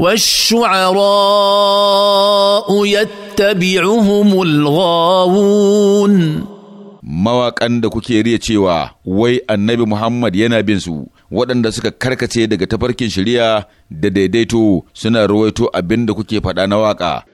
والشعراء يتبعهم الغاوون mawaƙan da kuke riya cewa wai annabi Muhammad yana bin su waɗanda suka karkace daga tafarkin shari'a da daidaito suna ruwaito abinda kuke faɗa na waƙa